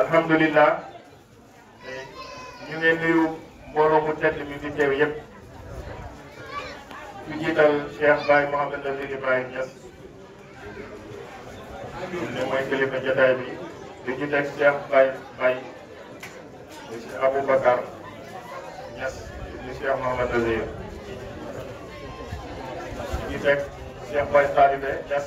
alhamdulilah ñu ngi nuyu mbooloo mu tedd mi fi teew yëpp ñu jiital Cheikh Baye Mouhamed Nazir Ibrahima Niass ne mooy kilifa jotaay bi di ñu teg Cheikh Baye Baye monsieur Aboubacar Niass di Cheikh Mouhamed Nazir di ñu teg Cheikh Baye Talibé Niass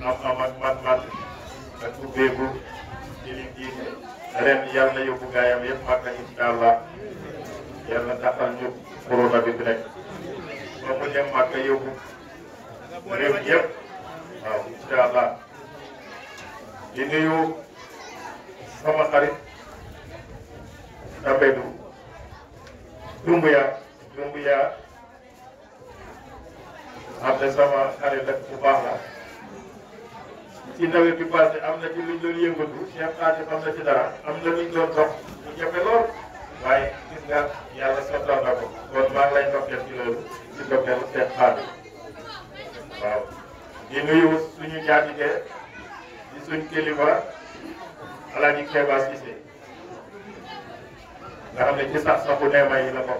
am amat man-man aku bebu, ci li diine ren yal na yóbbu Allah yal na taxal ñu corona bi fi nekk ba mu Allah sama xarit Tabedu Dumbuya Dumbuya xam ne sama xarit ak bu ci nawet bi passé am na ci luñ doon am na ci am na luñ doon dox mu jafe lool waaye gis nga yàlla sottal na ko kon maa ngi lay ndokkeel ci loolu di ndokkeel Cheikh Fatim waaw di nuyu suñu jaatige di suñ kilifa Alaaji Keba Cissé nga xam ne ci sax saxu neema yi la ko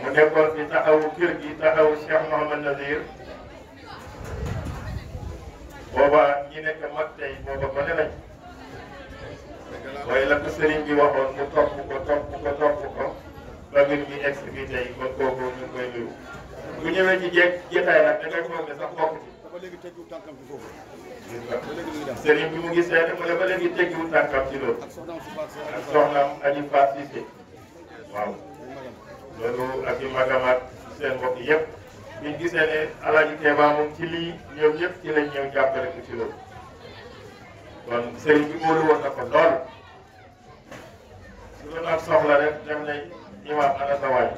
mu nekkoon ci taxawu kër gi taxawu Cheikh Mouhamad Nazir booba ñi nekk mag tey booba gone nañ mooy la ko sëriñ bi waxoon mu topp ko topp ko topp ko ba mbir mi egg bi tey kon kooku ñu ngi koy nuyu bu ñëwee ci jeeg jotaay nag dangay foog ne sax bokk ci bi mu ngi mu ne ba léegi teggiwu tànkam ci loolu ak soxnaam aji Fass Cissé waaw loolu ak yu magamaat seen mbokk yëpp biñ gisee ne alaaji Keeba moom ci lii ñoom ñëpp ci lañ ñëw jàppale ko ci loolu kon sëriñ bi wóolu woon na ko lool su doon ab soxla rek dem nañ imaam ana sa waay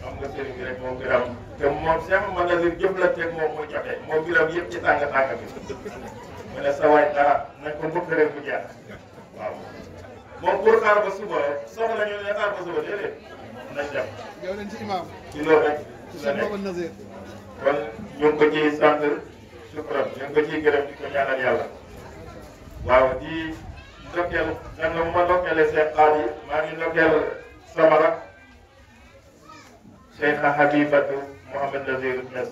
xam nga sëriñ bi rek moom biram te moom Cheikh Mouhamed Nazir jëflanteeg moom muy joxe moom biram yëpp ci tàng tàng bi mu ne sa waay dara nañ ko mbëkk rek mu jeex waaw moom pour xaar ba suba soxla ne xaar ba suba déedéet nañ ci la nekk kon ñu ngi ko ciy sant sukkuram ñu ngi ko ciy gërëm di ko ñaanal yàlla waaw di ndokkeel nan la ma ndokkeelee seen xaar yi maa ngi ndokkeel sama rak Cheikh Habibatu Mouhamed Nazir Niass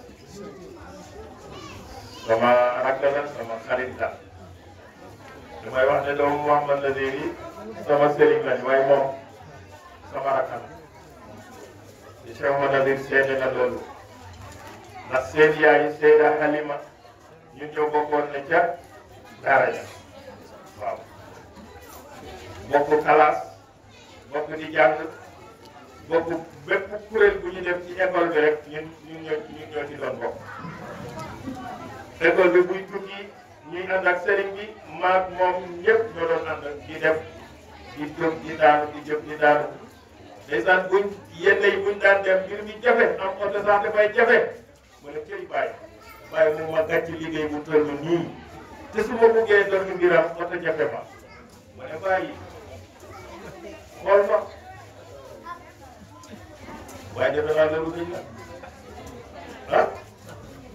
sama rakk la sama xarit la damay wax ne doomu Mouhamed Nazir yi sama sëriñ lañ waaye moom sama rakk la Cheikh ma Nazir seede na loolu ndax seen yaay Seyda Halima ñu ñoo bokkoon ne ca daara di jàng bokk bépp kuréel bu ñu def ci école bi rek ñun ñun ñoo ñun ñoo ci doon bokk école bi buy tukki ñuy ndeysaan buñ yenn yi buñ daan dem mbir mi jafe am oto sax dafay jafe mu ne cëy bàyyi bàyyi ma gàcc liggéey bu toll nii te su ma buggee doon mbiram oto jafe ma mu ne bàyyi xool ma waaye defe naa loolu gëj la ah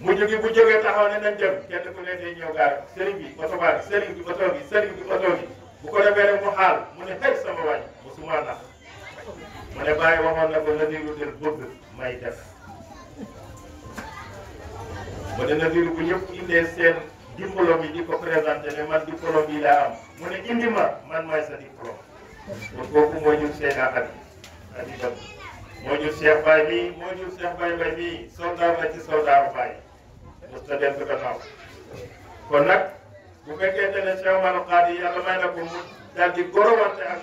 mu jógee bu jógee taxaw ne nañ dem kenn ku ne day ñëw gaar sëriñ bi oto baa sëriñ bi oto bi sëriñ bi oto bi bu ko defee rek mu xaal mu ne xëy sama wàññi mu suma nax ma ne bàyyi waxoon na ko Nadiiru del bëgg may def mu ne Nadiiru di ko présenté ne man diplôme yi am mu ne ma man may sa diplôme kon kooku moo ñu seen axat yi ak moo ñu Cheikh Baye mii moo ñu Cheikh Baye Baye mii soldat la ci soldat Baye mos na dem gannaaw kon nag bu fekkee ne Cheikh Oumar Khady yàlla may na ko mu daal di gorowante ak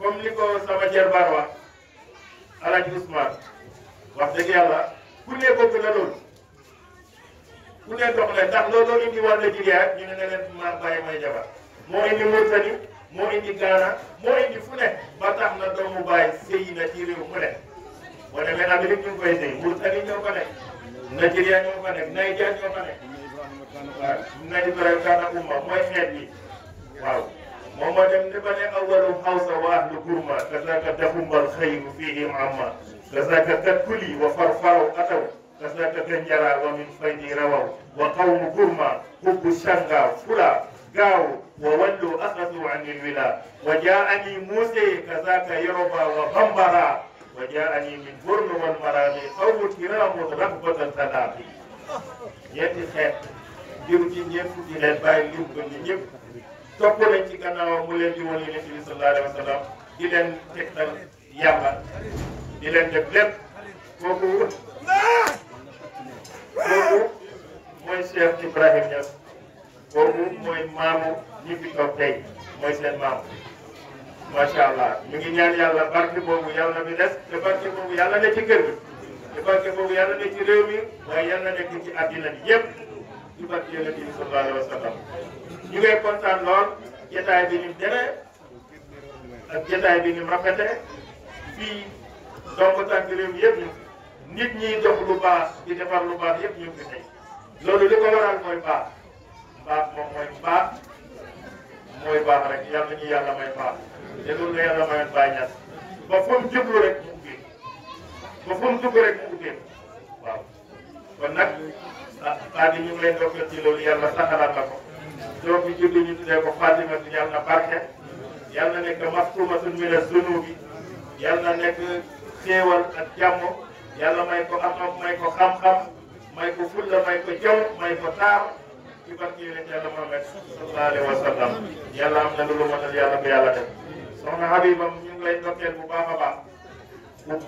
comme ni ko sama jarbaar wax Alaaji Ousmane wax dëgg yàlla ku ne bëgg na loolu ku ne dox na ndax loolu indi war na Nigeria ñu ne ne leen ma bàyyi may jabar moo indi Mauritanie moo indi Ghana moo indi fu ne ba tax na doomu bàyyi sëy na ci réew mu ne boo demee Amérique ñu ngi koy sëy Mauritanie ñoo ko nekk Nigeria ñoo ko nekk Nigeria ñoo ko nekk waaw Nigeria Ghana umma mooy xeet bi waaw ماما ممدم نبني أول حوص واحد كرما كذلك دهم بالخير فيهم عما كذلك تدكلي وفرفر أتوا كذلك تنجرى ومن فيد رووا وقوم كرما حب الشنغا فلا قاو وولوا أخذوا عن الولا وجاءني موسى كذلك يربى وغمبرا وجاءني من برن والمرامي أو كرام رغبة تلاقي يتخيل ديوتي نيفو دي لباي لبن نيفو topp leen ci gannaawam mu leen di woon yonent bi sallallahu alayhi wa sallam di leen tegtal yàlla di leen def lépp kooku kooku mooy Cheikh Ibrahim Niass kooku mooy maamu ñi fi toog tey mooy seen maam macha allah ñu ngi ñaan yàlla barke boobu yàlla bi des te barke boobu yàlla ne ci kër gi te barke boobu yàlla ne ci réew mi waaye yàlla nekk ci àddina bi yëpp ci barke yonent bi sallallahu alayhi wa sallam ñu ngi kontaan lool jotaay bi ni mu demee ak jotaay bi ni mu fii donc tànk réew mi nit ñi dox lu baax di defar lu baax yëpp ñu ngi tey loolu li ko waral mooy baax baax moom mooy baax mooy baax rek yàlla ñu yàlla may baax te loolu yàlla mayoon bàyyi ñaar ba fu jublu rek mu ubbi ba fu mu rek mu ubbi waaw kon nag ah Fadi ñu ngi lay doxal ci loolu yàlla saxalaat la ko. doomi julli ñu tuddee ko Fatimatu yàlla na barke yàlla na nekk maskumatun mina zunubi yàlla na nekk xéewal ak jàmm yàlla may ko am may ko xam-xam may ko fulla may ko jaww may ko taar ci barke yonent yàlla Muhammad sallallahu alayhi wa sallam yàlla am na lu lu matal yàlla bu yàlla def soxna Habibam ñu lay ndokkeel bu baax a baax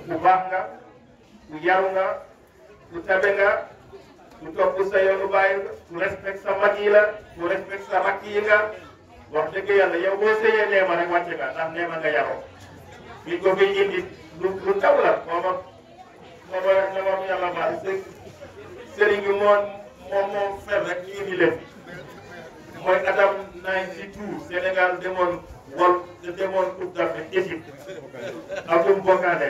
bu baax nga bu yaru nga bu mu topp sa yoonu bàyyi nga mu respect sa mag yi la mu respect sa rakk yi nga wax dëgg yàlla yow boo sëyee neema rek wàcce nga ndax neema nga yaroo li ko fiy indi lu lu taw la moo ma moo ma na ma yàlla baal sëriñ bi moo moom moo fer rek ñu indi leen mooy atam nañ ci tout Sénégal demoon wol demoon Coupe d'Afrique Égypte akum bokkaane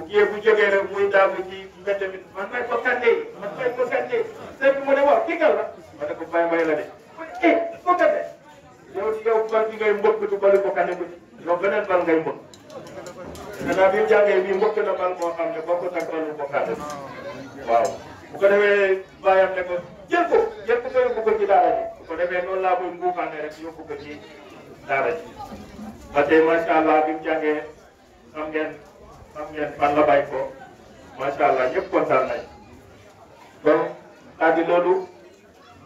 bu kii bu jógee rek muy daagu ci mbedd mi man may ko kànde man may ko kànde sëñ bi mu ne waaw kii kan la ma ne ko bay bay la de eh ko kànde yow yow bal bi ngay mbokk du balu ko kànde ko ci yow beneen bal ngay mbokk xanaa bi jàngee bi mbokk na bal moo xam ne boo ko tag balu ko kànde waaw bu ko defee bàyyam ne ko jël ko jël ko nga yóbbu ko ci daara ji bu ko defee noonu laa koy mbuuxaane rek yóbbu ko ci daara ji ba tey macha allah bi mu jàngee xam ngeen xam ngeen fan la bàyyi ko macha allah ñëpp kontaan nañ donc kàddu loolu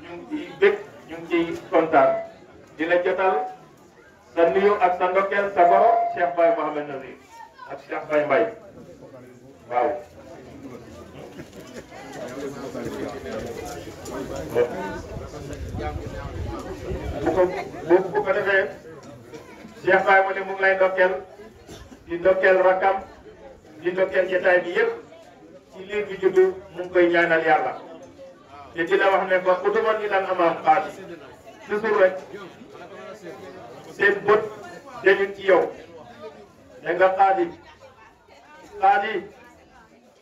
ñu ngi ciy bëgg ñu ngi ciy kontaan di la jotal sa nuyu ak sa ndokkeel sa goro Cheikh Baye Mohamed Nazir ak Cheikh Baye Mbaye waaw. bu ko bu ko defee Cheikh Baye mu ne mu ngi lay ndokkeel di rakam. di ndokkeel jotaay bi yépp ci liir bi jiddu mu ngi koy ñaanal yàlla te di la wax ne ba utuma ni lan amaam xaati sur rek seen bët dañu ci yow da nga xaati xaati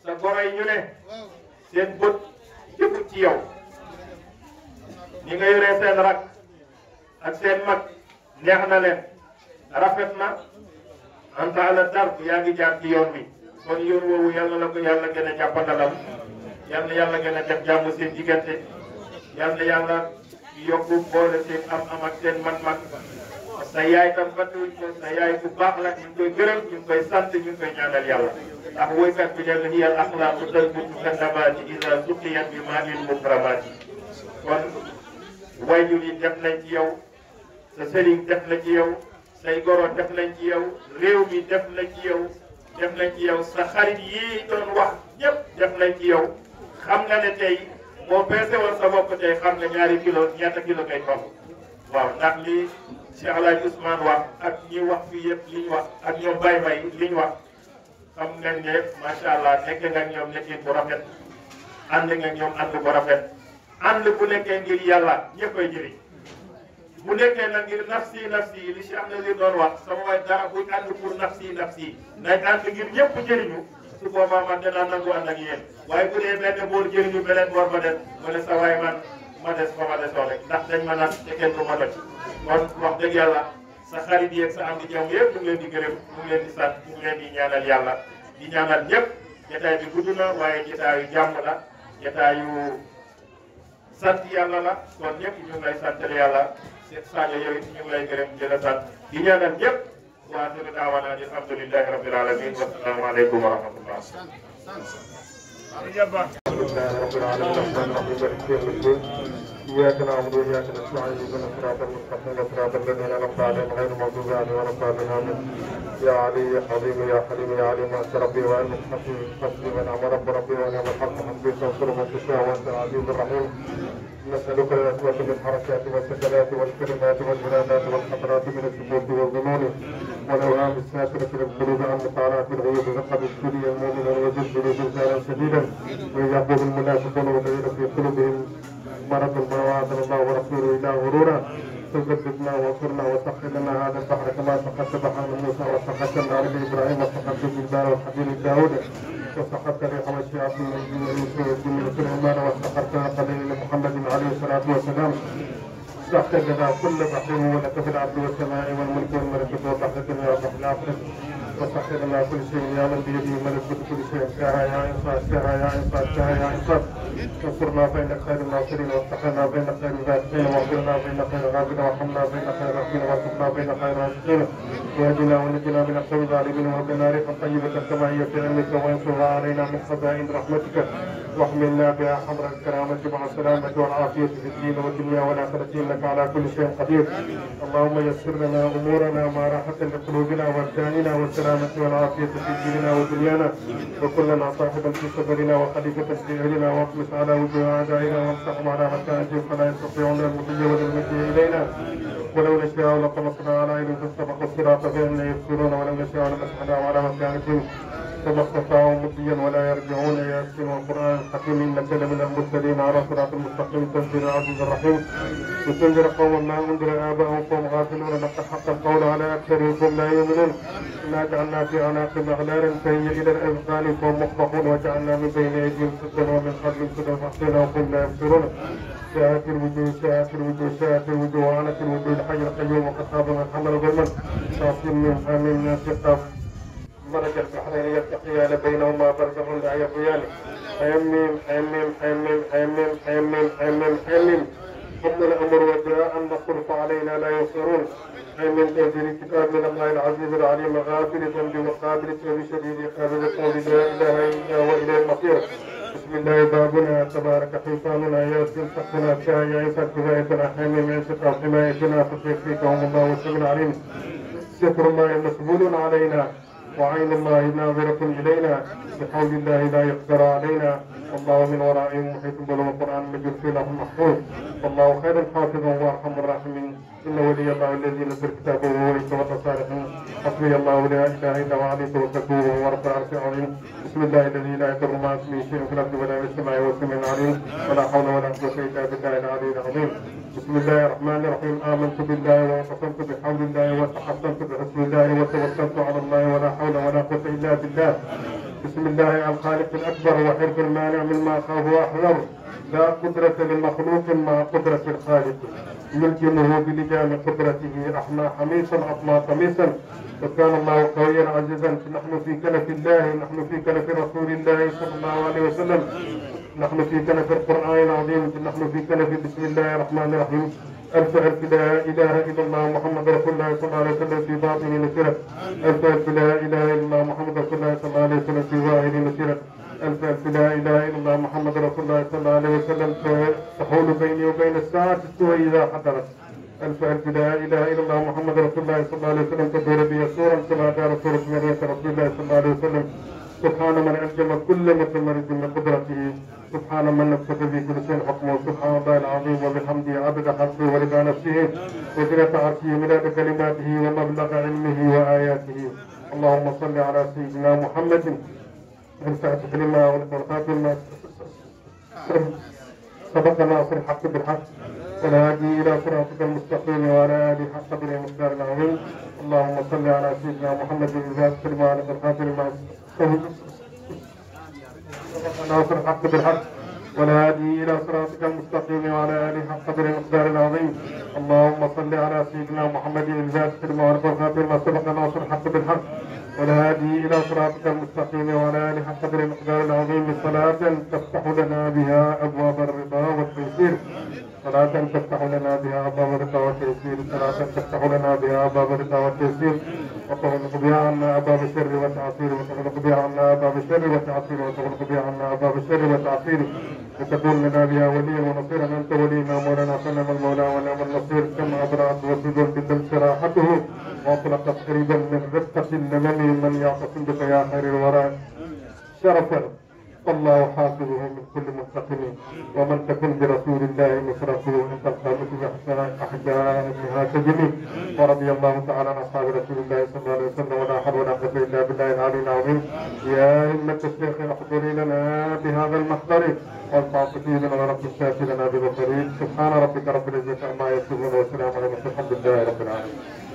sa goroy ñu ne seen bët yëpp ci yow ni nga yoree seen rak ak seen mag neex na leen rafet na anta ala dar yaa ngi jaar ci yoon bi kon yoon woowu yàlla la ko yàlla gën a jàppandalam yàlla yàlla gën a def jàmm seen diggante yàlla yàlla yokku boole seen am am ak seen man-man sa yaay tam fàttewuñ ko sa yaay bu baax la ñu ngi koy gërëm ñu ngi koy sant ñu ngi koy ñaanal yàlla ndax woykat bi ne la hiyal axlaaqu talbut mukannabaati iza suqiyat bi maa'in mukramaati kon wayjur yi def nañ ci yow sa sëriñ def la ci yow say goro def nañ ci yow réew mi def na ci yow def nañ ci yow sa xarit yii doon wax ñëpp def nañ ci yow xam nga ne tey boo peese woon sa bopp tey xam nga ñaari kilo ñetti kilo ngay topp waaw ndax li Cheikh El Hadj Ousmane wax ak ñi wax fii yëpp liñ wax ak ñoom Baye Baye li ñu wax xam nga ne macha allah nekk nga ñoom nekkin bu rafet ànd nga ak ñoom ànd bu rafet ànd bu nekkee ngir yàlla ñëpp ay jëriñ. bu nekkee nag ngir nafsi nafsi li si am na li doon wax sama waay dara buy ànd pour nafsi nafsi nay ànd ngir ñëpp jëriñu su boobaa man danaa nangu ànd ak yéen waaye bu dee benn boor jëriñu beneen boor ba des ma ne sa waay man ma des fa ma desoo rek ndax dañ ma naan te kenn du ma doj kon wax dëgg yàlla sa xarit yeeg sa am di jàmm yëpp mu ngi leen di gërëm mu ngi leen di sant mu ngi leen di ñaanal yàlla di ñaanal ñëpp jotaay bi gudd na waaye jotaayu jàmm la jotaayu sant yàlla la kon ñëpp ñu ngi lay sant yàlla Cheikh Sadio yow it ñu ngi lay gërëm di la sant di ñaanal ñëpp waaw dëgg daawana alhamdulillahi rabbil alamin wa salaamu aleykum wa rahmatullah رب العالمين الرحمن الرحيم مالك يوم الدين اياك نعبد واياك نستعين المستقيم صراط الذين انعمت عليهم غير المغضوب يا علي يا حبيبي يا حليم يا علي انت ربي وانت حكيم حسبي ونعم رب ربي ونعم الحق حسبي تنصر من تشاء وانت العزيز الرحيم نسألك العافية من الحركات والسكنات والكلمات والجنادات والخطرات من السجود والظنون والأوهام آل في للقلوب عن طالعة الغيوب لقد ابتلي المؤمنون وزلزلوا زلزالا شديدا وإذ المنافقون والذين في قلوبهم مرض ما وعدنا الله ورسوله إلا غرورا فجددنا وانصرنا وسخر لنا هذا البحر كما سخرت بحر موسى وسخرت النار لابراهيم وسخرت الجبال والحجر لداوود وسخرت الريح والشعب من يوسف وسخرت العمان وسخرت قليل لمحمد عليه الصلاه والسلام وافتح لنا كل بحر ولك في العبد والسماء والملك والملك وبحر الدنيا وبحر الاخره وسخر لنا كل شيء يا من بيده ملكوت كل شيء افتحها يا انصار افتحها يا انصار افتحها يا انصار انصرنا بين خير الناصرين وافتحنا بين خير الفاتحين واغفرنا بين خير الغابرين وارحمنا بين خير الراحمين واصرفنا بين خير الراشدين واهدنا ونجنا من اقوام الظالمين وهبنا ريحا طيبه كما هي في علمك وانصرها علينا من خزائن رحمتك واحملنا بها حمر الكرامه مع السلامه والعافيه في الدين والدنيا والاخره انك على كل شيء قدير اللهم يسر لنا امورنا ما راحه لقلوبنا وابداننا والسلام والسلامة والعافية في ديننا ودنيانا وكلنا صاحبا في سفرنا وخليفة في أهلنا واطمس على وجوه أعدائنا وامسحهم على مكائدهم فلا يستطيعون المضي ولا المجيء إلينا ولو نشاء لطمسنا على عينهم فاستبقوا الصراط فإنا يبصرون ولو نشاء لمسحنا على مكانتهم فما استطاعوا مضيا ولا يرجعون يأتون القرآن الحكيم إنك لمن المرسلين على صراط المستقيم تنزيل العزيز الرحيم وتنذر قوما ما أنذر آباءهم قوم غافلون لقد حق القول على أكثرهم لا يؤمنون وجعلنا في اعناق اغلال فهي الى الاذقان فهم مخبقون وجعلنا من بين ايديهم سدا ومن خلفهم سدا فاحصينا وهم لا يبصرون ساءت الوجوه ساءت الوجوه ساءت الوجوه وعنت الوجوه الحي القيوم وقد خاب من حمل ظلما فاصل من حميم ناسقا مرج البحرين يلتقيان بينهما برزخ لا يبغيان حميم حميم حميم حميم حميم حميم حميم حب الامر وجاء المخلوق علينا لا يصرون اي من تنزيل الكتاب من الله العزيز العليم غافل الذنب وقابل التوب شديد قابل القول لا اله الا هو اليه المصير بسم الله بابنا تبارك حيطاننا ياسر سقفنا كايا يا حمايتنا حميم يسقى حمايتنا هم الله وسمع العليم ستر ما مقبول علينا وعين الله ناظرة إلينا بحول الله لا يقدر علينا والله من ورائهم محيط بل القرآن المجيد في له محفوظ والله خير الحافظ وأرحم الراحمين إن ولي الله الذي نزل كتابه وهو يتولى الصالحين حسبي الله لا إله إلا هو عليه توكلت وهو رب العرش العظيم بسم الله الذي لا يضر مع اسمه شيء في الأرض ولا في السماء والسميع العليم ولا حول ولا قوة إلا بالله العلي العظيم بسم الله الرحمن الرحيم آمنت بالله واعتصمت بحول الله وتحصنت بحسن الله وتوكلت على الله ولا حول ولا قوة إلا بالله بسم الله الخالق الأكبر وحرف المانع مما أخاه وأحذر لا قدرة لمخلوق مع قدرة الخالق يلجمه بلجام قدرته أحنا حميصا أطمى قميصا وكان الله قويا عزيزا نحن في كنف الله نحن في كنف رسول الله صلى الله عليه وسلم نحن في كنف القرآن العظيم نحن في كنف بسم الله الرحمن الرحيم ألف ألف لا إله إلا الله محمد رسول الله صلى الله عليه وسلم في باطن نسيرة ألف ألف لا إله إلا الله محمد رسول الله صلى الله عليه وسلم في ظاهر نسيرة ألف ألف لا إله إلا الله محمد رسول الله صلى الله عليه وسلم تحول بيني وبين الساعة السوء إذا حضرت ألف ألف لا إله إلا الله محمد رسول الله صلى الله عليه وسلم تدور بي صورا كما دار صورة مريم رسول الله صلى الله عليه وسلم سبحان من أنجم كل متمرد بقدرته سبحان من نفسه به كل شيء حكمه سبحان الله العظيم وبحمده عبد حرفه ورضا نفسه وزنة عرشه مداد كلماته ومبلغ علمه وآياته اللهم صل على سيدنا محمد ساعة كلمة والبركات ما سبق ناصر الحق بالحق والهادي إلى صراطك المستقيم وعلى آله حق بالمقدار العظيم اللهم صل على سيدنا محمد الفاتح كلمة على الخاتم ناصر الحق بالحق والهادي الى صراطك المستقيم وعلى اله حق قدر المقدار العظيم اللهم صل على سيدنا محمد الفاتح في أربى الخاتم ما سبق ناصر الحق بالحق ولا والهادي الى صراطك المستقيم وعلى اله حق قدر المقدار العظيم صلاة تفتح لنا بها ابواب الرضا والتيسير صلاة تفتح لنا بها أبواب الرضا والتيسير صلاة تفتح لنا بها أبواب الرضا والتيسير وتغلق بها عنا أبواب الشر والتعصير وتغلق بها عنا أبواب الشر والتعصير وتغلق بها عنا أبواب الشر والتعصير وتكون لنا بها وليا ونصيرا أنت ولينا مولانا فنعم المولى ونعم النصير كما أبرأت وسدر بالدم شراحته وأطلقت قريبا من رفقة النمل من يعتصم بك يا خير الورى شرفا الله حافظه من كل منتقم ومن تكن برسول الله نصرته عند القامة أحجاء منها تجمي ورضي الله تعالى عن أصحاب رسول الله صلى الله عليه وسلم ولا حول ولا قوة إلا بالله العلي العظيم يا أئمة الشيخ احضر لنا بهذا المحضر لنا ورب الشافي لنا ببصرين سبحان ربك رب العزة عما يصفون وسلام على المرسلين الحمد لله رب العالمين